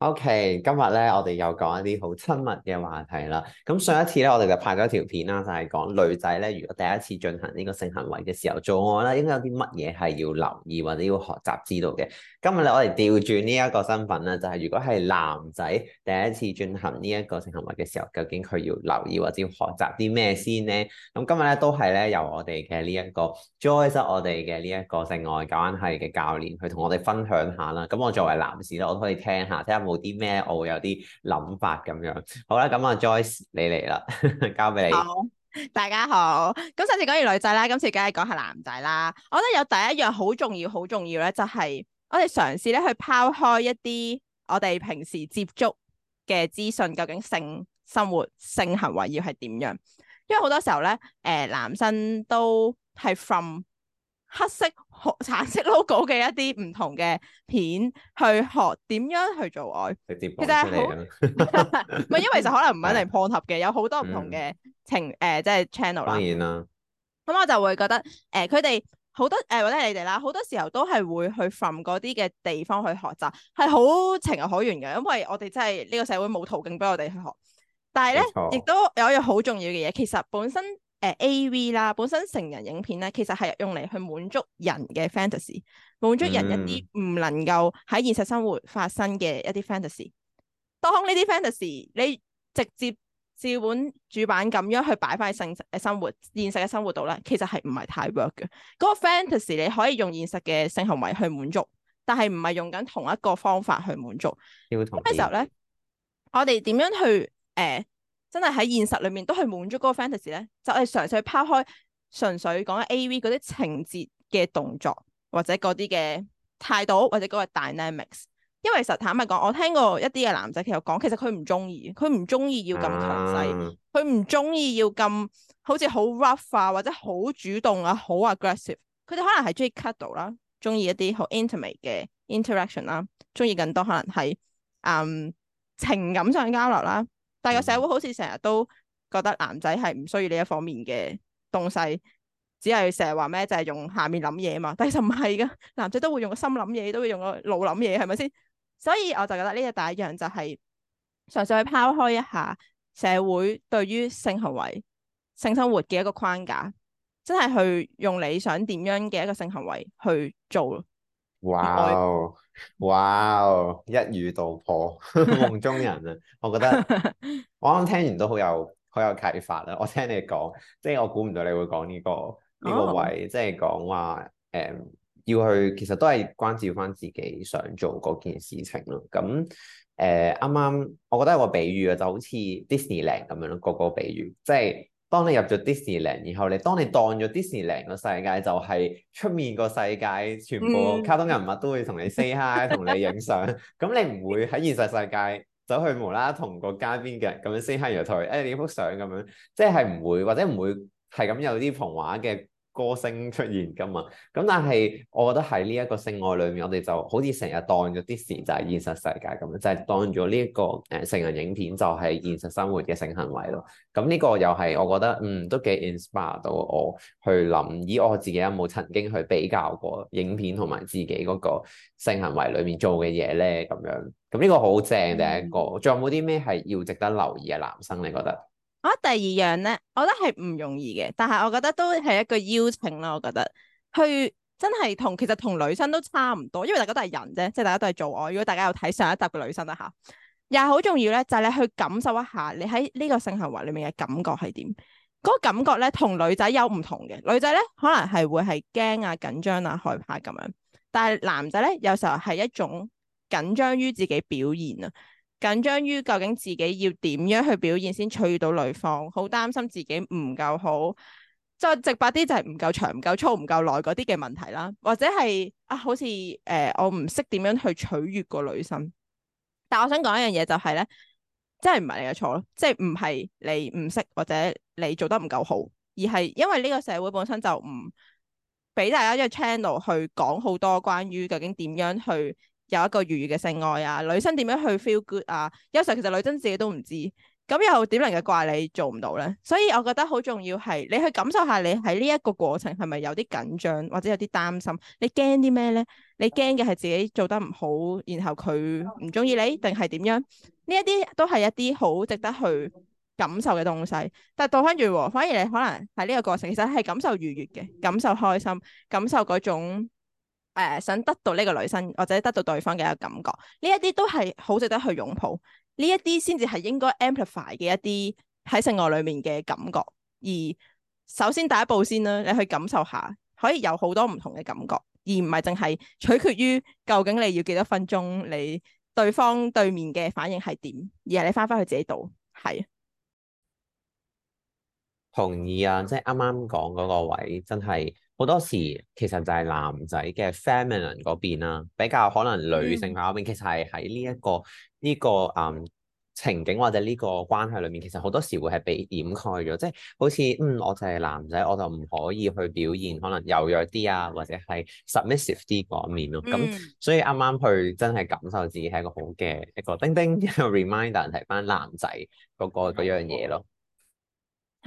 OK，今日咧我哋又講一啲好親密嘅話題啦。咁上一次咧我哋就拍咗一條片啦，就係講女仔咧如果第一次進行呢個性行為嘅時候做愛咧，應該有啲乜嘢係要留意或者要學習知道嘅。今日咧我哋調轉呢一個身份啦，就係如果係男仔第一次進行呢一個性行為嘅時候，究竟佢要留意或者要學習啲咩先呢？咁今日咧都係咧由我哋嘅呢一個 Joyce 我哋嘅呢一個性愛關係嘅教練，佢同我哋分享下啦。咁我作為男士咧，我都可以聽下聽。冇啲咩，我會有啲諗法咁樣。好啦，咁啊 Joyce 你嚟啦， 交俾你。好，大家好。咁上次講完女仔啦，今次梗係講下男仔啦。我覺得有第一樣好重要、好重要咧，就係我哋嘗試咧去拋開一啲我哋平時接觸嘅資訊，究竟性生活、性行為要係點樣？因為好多時候咧，誒、呃、男生都係 from 黑色、紅、橙色 logo 嘅一啲唔同嘅片，去學點樣去做愛。直接，其實係好， 因為其實可能唔係嚟定配合嘅，的有好多唔同嘅情誒、呃，即係 channel 啦。當然啦。咁、嗯、我就會覺得，誒佢哋好多誒或者你哋啦，好多時候都係會去 from 嗰啲嘅地方去學習，係好情有可原嘅，因為我哋真係呢、呢個社會冇途徑俾我哋去學。但係咧，亦錯都有一樣好重要嘅嘢，其實本身。誒、呃、，A.V. 啦，本身成人影片咧，其實係用嚟去滿足人嘅 fantasy，滿足人一啲唔能夠喺現實生活發生嘅一啲 fantasy。當呢啲 fantasy 你直接照本主板咁樣去擺翻喺性誒生活現實嘅生活度咧，其實係唔係太 work 嘅。嗰、嗰個 fantasy 你可以用現實嘅性行為去滿足，但係唔係用緊同一個方法去滿足。咩時候咧？我哋點樣去誒？呃真係喺現實裏面都係滿足嗰個 fantasy 咧，就係、是、嘗試拋開純粹講 A.V. 嗰啲情節嘅動作或者嗰啲嘅態度或者嗰個 dynamics。因為實坦白講，我聽過一啲嘅男仔其實講，其實佢唔中意，佢唔中意要咁強勢，佢唔中意要咁好似好 rough 化、啊、或者好主動啊，好 aggressive。佢哋可能係中意 cuddle 啦，中意一啲好 intimate 嘅 interaction 啦，中意更多可能係嗯情感上交流啦。但係個社會好似成日都覺得男仔係唔需要呢一方面嘅東西，只係成日話咩就係用下面諗嘢啊嘛，但係就唔係噶，男仔都會用個心諗嘢，都會用個腦諗嘢，係咪先？所以我就覺得呢個第一樣就係嘗試去拋開一下社會對於性行為、性生活嘅一個框架，真係去用你想點樣嘅一個性行為去做。哇哦，哇、wow, wow, 一語道破夢 中人啊！我覺得我啱啱聽完都好有好有啟發啦。我聽你講，即係我估唔到你會講呢個呢個位，即係講話誒，要去其實都係關照翻自己想做嗰件事情咯。咁誒，啱啱我覺得有個比喻啊，就好似 Disneyland 咁樣咯，個個比喻即係。當你入咗 Disneyland 然後你當你當咗 Disneyland 個世界，就係出面個世界全部卡通人物都會同你 say hi，同 你影相，咁你唔會喺現實世界走去無啦啦同個街邊嘅人咁樣 say hi，然後同佢誒影幅相咁樣，即係唔會或者唔會係咁有啲童話嘅歌星出現㗎嘛？咁但係我覺得喺呢一個性愛裏面，我哋就好似成日當咗啲事就係現實世界咁，就係當咗呢一個誒成、呃、人影片就係現實生活嘅性行為咯。咁呢個又係我覺得嗯都幾 inspire 到我去諗，以我自己有冇曾經去比較過影片同埋自己嗰個性行為裏面做嘅嘢咧？咁樣，咁呢個好正，第一個，仲有冇啲咩係要值得留意嘅男生你覺得？我第二樣咧，我覺得係唔容易嘅，但係我覺得都係一個邀請啦。我覺得去真係同其實同女生都差唔多，因為大家都係人啫，即係大家都係做愛。如果大家有睇上一集嘅女生啦吓，又係好重要咧，就係你去感受一下你喺呢個性行為裏面嘅感覺係點。嗰個感覺咧同女仔有唔同嘅，女仔咧可能係會係驚啊、緊張啊、害怕咁樣，但係男仔咧有時候係一種緊張於自己表現啊。緊張於究竟自己要點樣去表現先取悅到女方，好擔心自己唔夠好，即直白啲就係唔夠長、唔夠粗、唔夠耐嗰啲嘅問題啦，或者係啊，好似誒、呃、我唔識點樣去取悅個女生。但我想講一樣嘢就係、是、咧，真係唔係你嘅錯咯，即係唔係你唔識或者你做得唔夠好，而係因為呢個社會本身就唔俾大家一個 channel 去講好多關於究竟點樣去。有一個愉悅嘅性愛啊，女生點樣去 feel good 啊？有時候其實女生自己都唔知，咁又點能夠怪你做唔到咧？所以我覺得好重要係你去感受下，你喺呢一個過程係咪有啲緊張或者有啲擔心？你驚啲咩咧？你驚嘅係自己做得唔好，然後佢唔中意你，定係點樣？呢一啲都係一啲好值得去感受嘅東西。但係倒翻轉喎，反而你可能喺呢個過程其實係感受愉悅嘅，感受開心，感受嗰種。誒、呃、想得到呢個女生，或者得到對方嘅一個感覺，呢一啲都係好值得去擁抱，呢一啲先至係應該 amplify 嘅一啲喺性愛裡面嘅感覺。而首先第一步先啦，你去感受下，可以有好多唔同嘅感覺，而唔係淨係取決於究竟你要幾多分鐘，你對方對面嘅反應係點，而係你翻返去自己度，係。同意啊！即係啱啱講嗰個位，真係。好多時其實就係男仔嘅 feminine 嗰邊啦，比較可能女性化嗰邊，嗯、其實係喺呢一個呢、呢個嗯、呃、情景或者呢個關係裏面，其實好多時會係被掩蓋咗，即、就、係、係、好似嗯我就係男仔，我就唔可以去表現可能柔弱啲啊，或者係 submissive 啲嗰面咯。咁、嗯、所以啱啱去真係感受自己係一個好嘅一個叮叮一個 reminder，提翻男仔嗰、嗰個嗰樣嘢咯。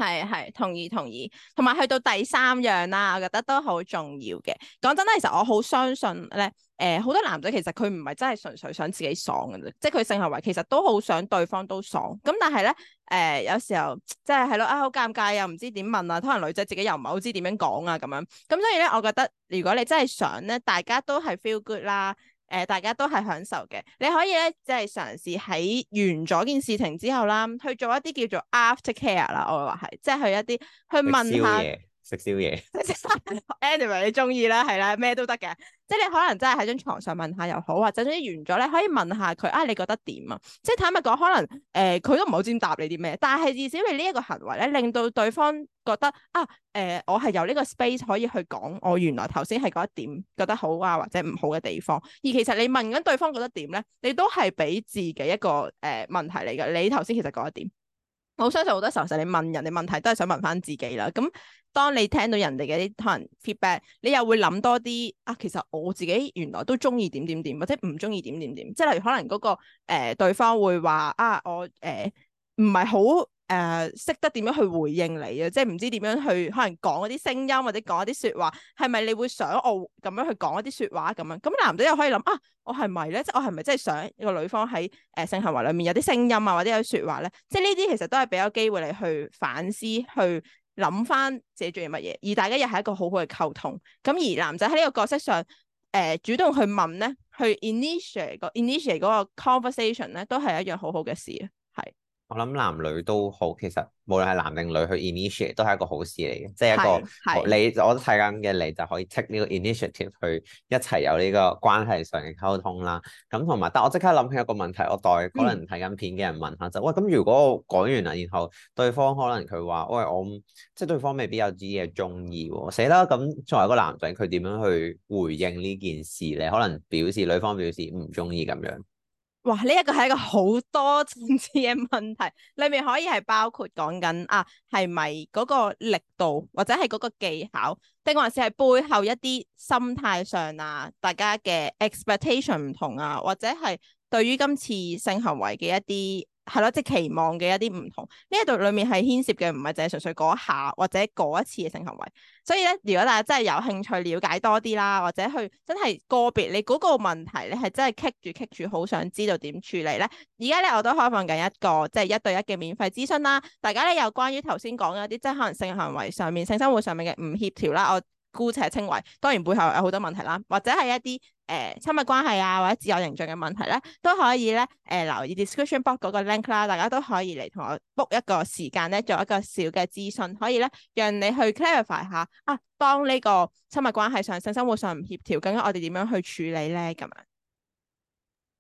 係係，同意同意，同埋去到第三樣啦，我覺得都好重要嘅。講真咧，其實我好相信咧，誒、呃、好多男仔其實佢唔係真係純粹想自己爽嘅啫，即係佢性行為其實都好想對方都爽。咁但係咧，誒、呃、有時候即係係咯，啊好尷尬又唔知點問啊，可能女仔自己又唔係好知點樣講啊咁樣。咁所以咧，我覺得如果你真係想咧，大家都係 feel good 啦。誒、呃，大家都係享受嘅。你可以咧，即係嘗試喺完咗件事情之後啦，去做一啲叫做 aftercare 啦。我會話係，即係去一啲去問下。食宵夜，即係 anyway 你中意啦，係啦，咩都得嘅。即係你可能真係喺張床上問下又好，或者總之完咗咧，可以問下佢啊，你覺得點啊？即係坦白講，可能誒佢、呃、都唔好知答你啲咩。但係至少你呢一個行為咧，令到對方覺得啊誒、呃，我係由呢個 space 可以去講我原來頭先係講一點覺得好啊或者唔好嘅地方。而其實你問緊對方覺得點咧，你都係俾自己一個誒、呃、問題嚟嘅。你頭先其實講一點。我相信好多時候，其實你問人哋問題都係想問翻自己啦。咁當你聽到人哋嘅啲可能 feedback，你又會諗多啲啊。其實我自己原來都中意點點點，或者唔中意點點點。即係例如可能嗰、嗰個誒、呃、對方會話啊，我誒唔係好，呃誒識、呃、得點樣去回應你啊，即係唔知點樣去，可能講一啲聲音或者講一啲説話，係咪你會想我咁樣去講一啲説話咁樣？咁男仔又可以諗啊，我係咪咧？即係我係咪真係想個女方喺誒性行為裏面有啲聲音啊，或者有説話咧？即係呢啲其實都係俾咗機會你去反思，去諗翻自己中意乜嘢，而大家又係一個好好嘅溝通。咁而男仔喺呢個角色上誒、呃、主動去問咧，去 initiate 個 initiate 嗰個 conversation 咧，都係一樣好好嘅事。我諗男女都好，其實無論係男定女去 initiate 都係一個好事嚟嘅，即係一個我你我睇緊嘅你就可以 take 呢個 initiative 去一齊有呢個關係上嘅溝通啦。咁同埋，但我即刻諗起一個問題，我代可能睇緊片嘅人問下、嗯、就：喂，咁如果我講完啦，然後對方可能佢話：喂，我即係對方未必有啲嘢中意喎，死啦。咁作為一個男仔，佢點樣去回應呢件事咧？可能表示女方表示唔中意咁樣。哇！呢一個係一個好多層次嘅問題，裏面可以係包括講緊啊，係咪嗰個力度或者係嗰個技巧，定還是係背後一啲心態上啊，大家嘅 expectation 唔同啊，或者係對於今次性行為嘅一啲。係咯，即係期望嘅一啲唔同，呢一度裏面係牽涉嘅唔係淨係純粹嗰一下或者嗰一次嘅性行為。所以咧，如果大家真係有興趣了解多啲啦，或者去真係個別你嗰個問題你係真係棘住棘住，好想知道點處理咧。而家咧我都開放緊一個即係、就是、一對一嘅免費諮詢啦。大家咧有關於頭先講嘅一啲即係可能性行為上面、性生活上面嘅唔協調啦，我。姑且稱為，當然背後有好多問題啦，或者係一啲誒親密關係啊，或者自我形象嘅問題咧，都可以咧誒、呃、留意 description box 嗰個 link 啦，大家都可以嚟同我 book 一個時間咧，做一個小嘅諮詢，可以咧讓你去 clarify 下啊，當呢個親密關係上、性生活上唔協調，究竟我哋點樣去處理咧？咁樣，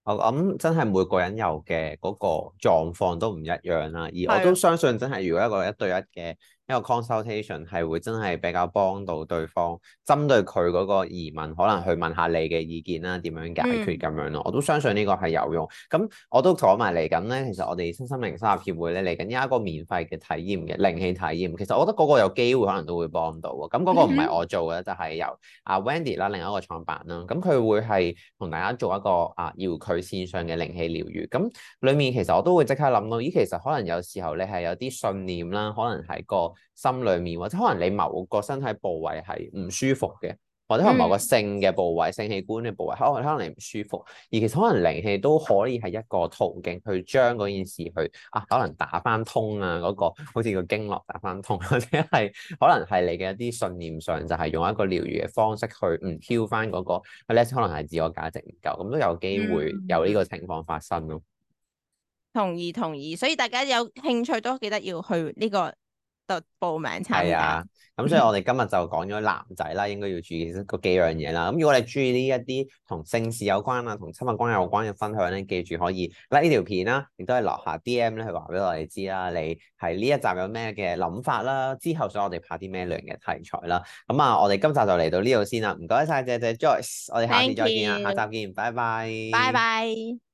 我諗真係每個人有嘅嗰個狀況都唔一樣啦、啊，而我都相信真係如果一個一對一嘅。一個 consultation 係會真係比較幫到對方，針對佢嗰個疑問，可能去問下你嘅意見啦，點樣解決咁樣咯。嗯、我都相信呢個係有用。咁、嗯、我都坐埋嚟，咁咧，其實我哋新心靈沙士會咧嚟緊有一個免費嘅體驗嘅靈氣體驗。其實我覺得嗰個有機會可能都會幫到啊。咁嗰個唔係我做嘅，嗯、就係由阿、啊、Wendy 啦，另一個創辦啦。咁佢會係同大家做一個啊，遙距線上嘅靈氣療癒。咁裏面其實我都會即刻諗到，咦，其實可能有時候你係有啲信念啦，可能係個。心裏面或者可能你某個身體部位係唔舒服嘅，或者可能某個性嘅部位、嗯、性器官嘅部位，可可能你唔舒服，而其實可能靈氣都可以係一個途徑去將嗰件事去啊，可能打翻通啊，嗰、那個好似個經絡打翻通，或者係可能係你嘅一啲信念上就係、是、用一個療癒嘅方式去嗯，heal 翻嗰個，或可能係自我價值唔夠，咁都有機會有呢個情況發生咯、嗯。同意同意，所以大家有興趣都記得要去呢、這個。就報名參加。係啊，咁、嗯、所以我哋今日就講咗男仔啦，應該要注意嗰幾樣嘢啦。咁、嗯、如果你鍾意呢一啲同性事有關啊，同親密關係有關嘅分享咧、啊，記住可以拉、like、呢條片啦、啊，亦都係留下，下 D M 咧去話俾我哋知啦。你喺呢一集有咩嘅諗法啦？之後想我哋拍啲咩類型嘅題材啦？咁、嗯、啊，我哋今集就嚟到呢度先啦。唔該晒，謝謝 Joyce。我哋下次再見啊，Thank you. 下集見，拜拜。拜拜。